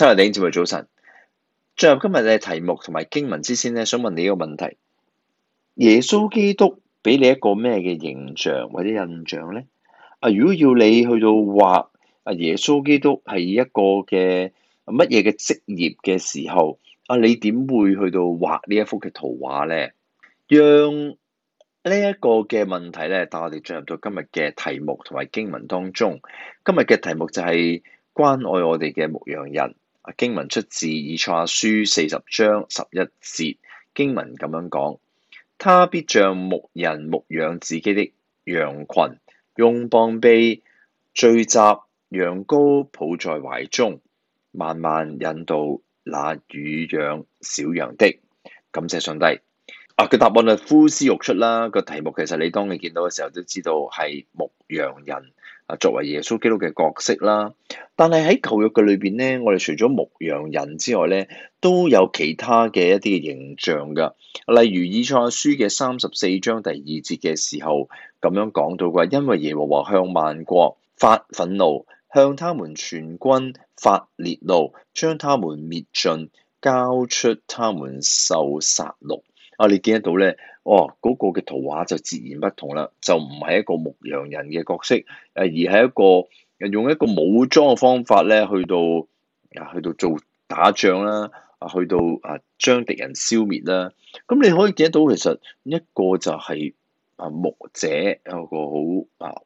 七日頂節目早晨，進入今日嘅題目同埋經文之先，咧，想問你一個問題：耶穌基督俾你一個咩嘅形象或者印象咧？啊，如果要你去到畫啊，耶穌基督係一個嘅乜嘢嘅職業嘅時候，啊，你點會去到畫呢一幅嘅圖畫咧？讓呢一個嘅問題咧，帶我哋進入到今日嘅題目同埋經文當中。今日嘅題目就係關愛我哋嘅牧羊人。經文出自以賽亞書四十章十一節，經文咁樣講：他必像牧人牧養自己的羊群，用膀臂聚集羊羔，抱在懷中，慢慢引導那乳養小羊的。感謝上帝。啊，個答案係呼之欲出啦。個題目其實你當你見到嘅時候，都知道係牧羊人。作為耶穌基督嘅角色啦，但係喺舊約嘅裏邊咧，我哋除咗牧羊人之外咧，都有其他嘅一啲形象㗎。例如以賽亞書嘅三十四章第二節嘅時候咁樣講到嘅話，因為耶和華向萬國發憤怒，向他們全軍發烈怒，將他們滅盡，交出他們受殺戮。啊！你見得到咧？哦，嗰、那個嘅圖畫就自然不同啦，就唔係一個牧羊人嘅角色，誒而係一個用一個武裝嘅方法咧，去到啊，去到做打仗啦，啊，去到啊將敵人消滅啦。咁你可以見得到，其實一個就係啊，牧者有個好啊。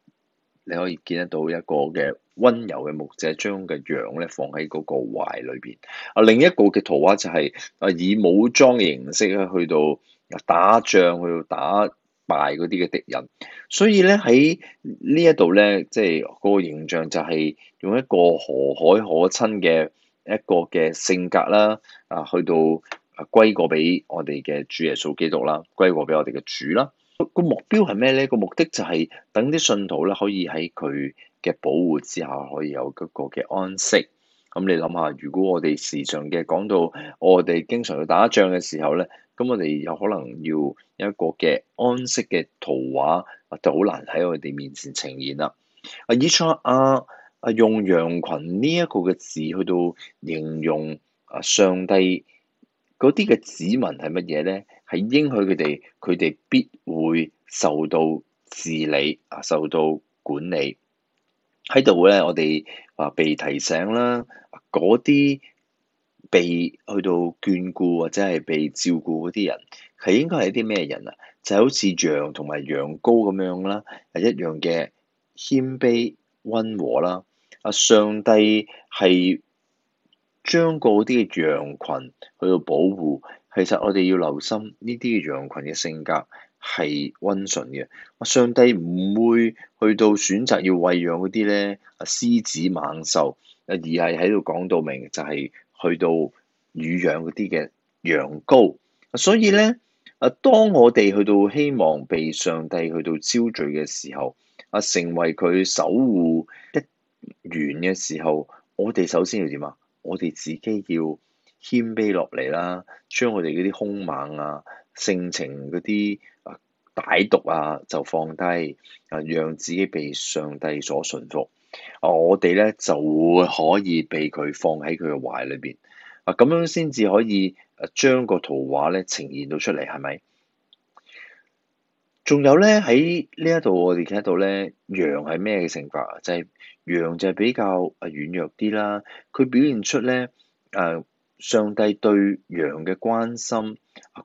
你可以見得到一個嘅溫柔嘅牧者將嘅羊咧放喺嗰個懷裏邊。啊，另一個嘅圖畫就係啊以武裝嘅形式咧去到打仗，去到打敗嗰啲嘅敵人。所以咧喺呢一度咧，即係嗰個形象就係用一個和藹可親嘅一個嘅性格啦，啊去到啊歸過俾我哋嘅主耶穌基督啦，歸過俾我哋嘅主啦。個目標係咩咧？個目的就係等啲信徒咧可以喺佢嘅保護之下可以有嗰個嘅安息。咁你諗下，如果我哋時常嘅講到我哋經常去打仗嘅時候咧，咁我哋有可能要有一個嘅安息嘅圖畫，就好難喺我哋面前呈現啦。啊，以賽亞啊，用羊群呢一個嘅字去到形容啊上帝嗰啲嘅指紋係乜嘢咧？係應許佢哋，佢哋必會受到治理啊，受到管理喺度咧。我哋啊，被提醒啦，嗰啲被去到眷顧或者係被照顧嗰啲人，係應該係一啲咩人啊？就好似羊同埋羊羔咁樣啦，係一樣嘅謙卑溫和啦。啊，上帝係將嗰啲嘅羊群去到保護。其實我哋要留心呢啲嘅羊群嘅性格係溫順嘅。啊，上帝唔會去到選擇要餵養嗰啲咧，啊獅子猛獸，啊而係喺度講到明就係去到乳養嗰啲嘅羊羔，啊所以咧啊，當我哋去到希望被上帝去到招聚嘅時候，啊成為佢守護一員嘅時候，我哋首先要點啊？我哋自己要。謙卑落嚟啦，將我哋嗰啲兇猛啊、性情嗰啲啊、歹毒啊，就放低啊，讓自己被上帝所順服。我哋咧就會可以被佢放喺佢嘅懷裏邊啊，咁樣先至可以啊，將個圖畫咧呈現到出嚟，係咪？仲有咧喺呢一度我哋睇到咧，羊係咩嘅性格？啊？就係、係、羊就比較啊軟弱啲啦，佢表現出咧誒。啊。上帝對羊嘅關心，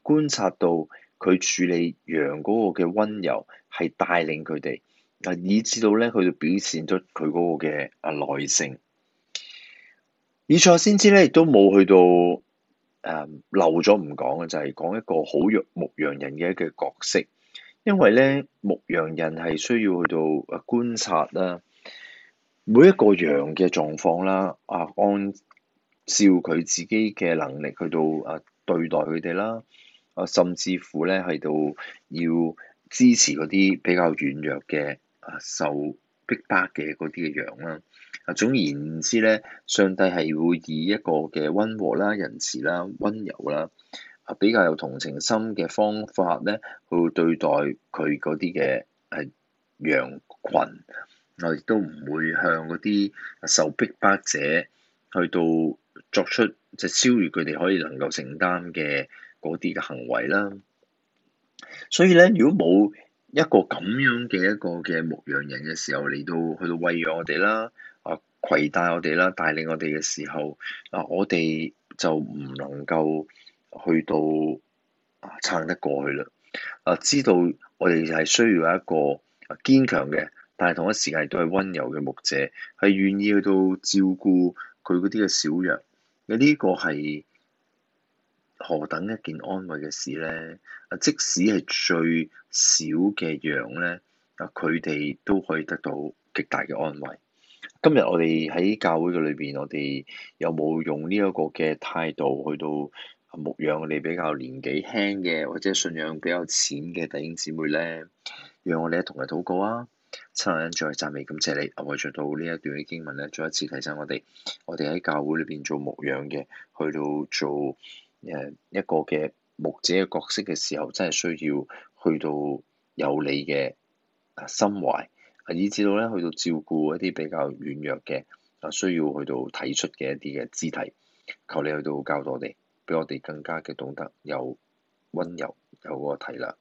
觀察到佢處理羊嗰個嘅溫柔，係帶領佢哋，啊以至到咧佢就表現咗佢嗰個嘅啊耐性。以賽先知咧亦都冇去到，啊、呃、漏咗唔講嘅就係、是、講一個好弱牧羊人嘅一個角色，因為咧牧羊人係需要去到啊觀察啦，每一個羊嘅狀況啦，啊安，按照佢自己嘅能力去到啊，對待佢哋啦，啊，甚至乎咧係到要支持嗰啲比較軟弱嘅啊受逼迫嘅嗰啲嘅羊啦。啊，總言之咧，上帝係會以一個嘅溫和啦、仁慈啦、溫柔啦啊，比較有同情心嘅方法咧，去對待佢嗰啲嘅係羊群，我亦都唔會向嗰啲受逼迫者去到。作出即係超越佢哋可以能夠承擔嘅嗰啲嘅行為啦。所以咧，如果冇一個咁樣嘅一個嘅牧羊人嘅時候嚟到去到餵養我哋啦，啊攜帶我哋啦，帶領我哋嘅時候，啊我哋就唔能夠去到撐得過去啦。啊，知道我哋係需要一個堅強嘅，但係同一時間都係溫柔嘅牧者，係願意去到照顧佢嗰啲嘅小羊。呢個係何等一件安慰嘅事呢？即使係最少嘅羊呢，啊，佢哋都可以得到極大嘅安慰。今日我哋喺教會嘅裏邊，我哋有冇用呢一個嘅態度去到牧養我哋比較年紀輕嘅，或者信仰比較淺嘅弟兄姊妹呢，讓我哋一同嚟禱告啊！親愛嘅讚美，感謝你，我哋做到呢一段嘅經文咧，再一次提醒我哋，我哋喺教會裏邊做牧養嘅，去到做誒一個嘅牧者嘅角色嘅時候，真係需要去到有你嘅心懷，以至到咧去到照顧一啲比較軟弱嘅，啊，需要去到體出嘅一啲嘅肢體，求你去到教導我哋，俾我哋更加嘅懂得有溫柔有嗰個體啦。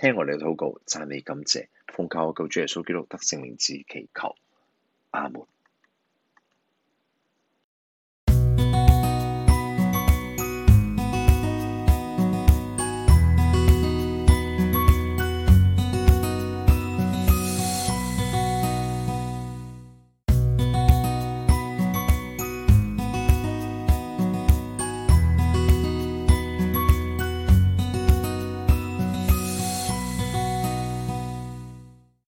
聽我哋禱告，讚美感謝，奉靠我救主耶穌基督得勝名字祈求，阿門。